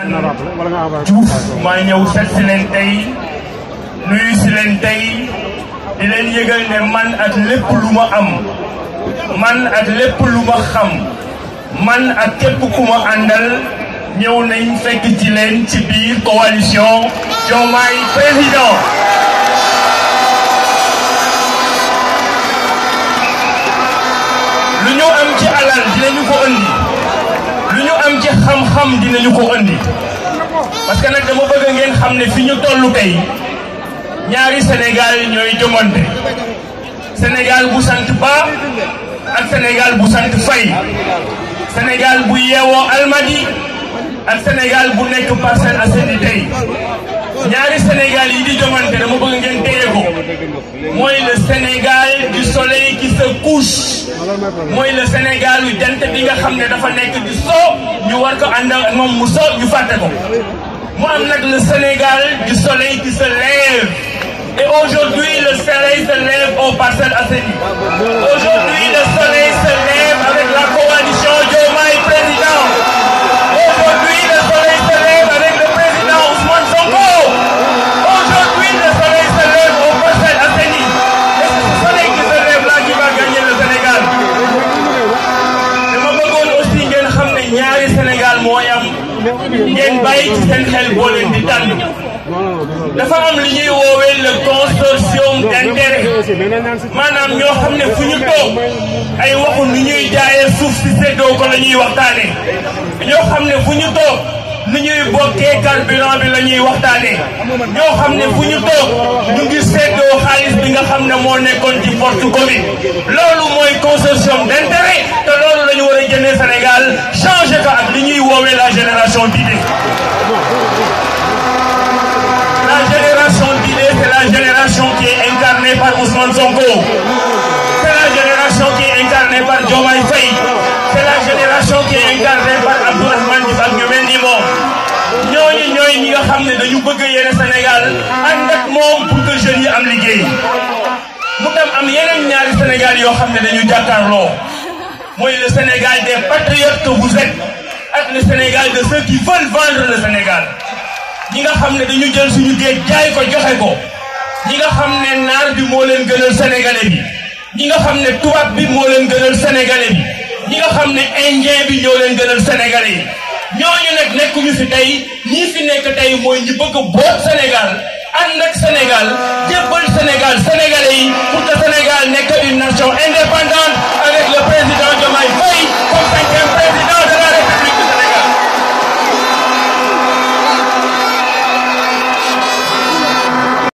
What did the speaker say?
Diouf maa ñëw seet si leen tey nuyu si leen tey di leen yëgal ne man ak lépp lu ma am man ak lépp lu ma xam man ak képp ku ma àndal ñëw nañ fekk ci leen ci biir coalition Diomaye Président lu ñu am ci alal dinañu ko andi lu ñu am ci xam-xam dinañu ko andi xam ne fi toll tey ñaari Sénégal ñooy jongante Sénégal bu sant Ba ak Sénégal bu sant Faye Sénégal bu yeewoo Almadi ak Sénégal bu nekk Parcelles Assainies tey Sénégal yi di jongante dama bëgg ngeen téye mooy le Sénégal du soleil qui se couche mooy le Sénégal yu bi nga xam ne dafa nekk di so ñu war ko ànd moom mu so ñu ko le Sénégal du soleil qui se lève. Et aujourd'hui, le soleil se lève au à Sénégal. ngeen bàyyi ci seen xel boo leen di tànn dafa am li ñuy woowee le consortium d'intérêt maanaam ñoo xam ne fu ñu toog ay waxu ni ñuy jaayee suuf si séddoo ko la ñuy waxtaanee ñoo xam ne fu ñu toog ni ñuy bokkee carburant bi la ñuy waxtaanee ñoo xam ne fu ñu ngi seddoo xaalis bi nga xam ne moo nekkoon ci porte commune loolu mooy consortium d'intérêt te loolu la ñu war a Sénégal changer ko La génération d'idées, c'est la génération qui est incarnée par Ousmane Sonko. C'est la génération qui est incarnée par Joe C'est la génération qui est incarnée par nous Nous, nous sommes Sénégal Nous pour que Sénégal le Sénégal des patriotes que vous êtes. ak le Sénégal de ceux qui veulent vendre le Sénégal ñi nga xam ne dañu jël suñu géej jaay ko joxe ko ñi nga xam ne naar bi moo leen gënal sénégalais bi ñi nga xam ne tubaab bi moo leen gënal sénégalais bi ñi nga xam ne indien bi ñoo leen gënal sénégalais yi ñooñu nag nekkuñu fi tey ñii fi nekk tey mooy ñi bëgg boot Sénégal ànd ak Sénégal jébbal Sénégal sénégalais yi pour Sénégal nekk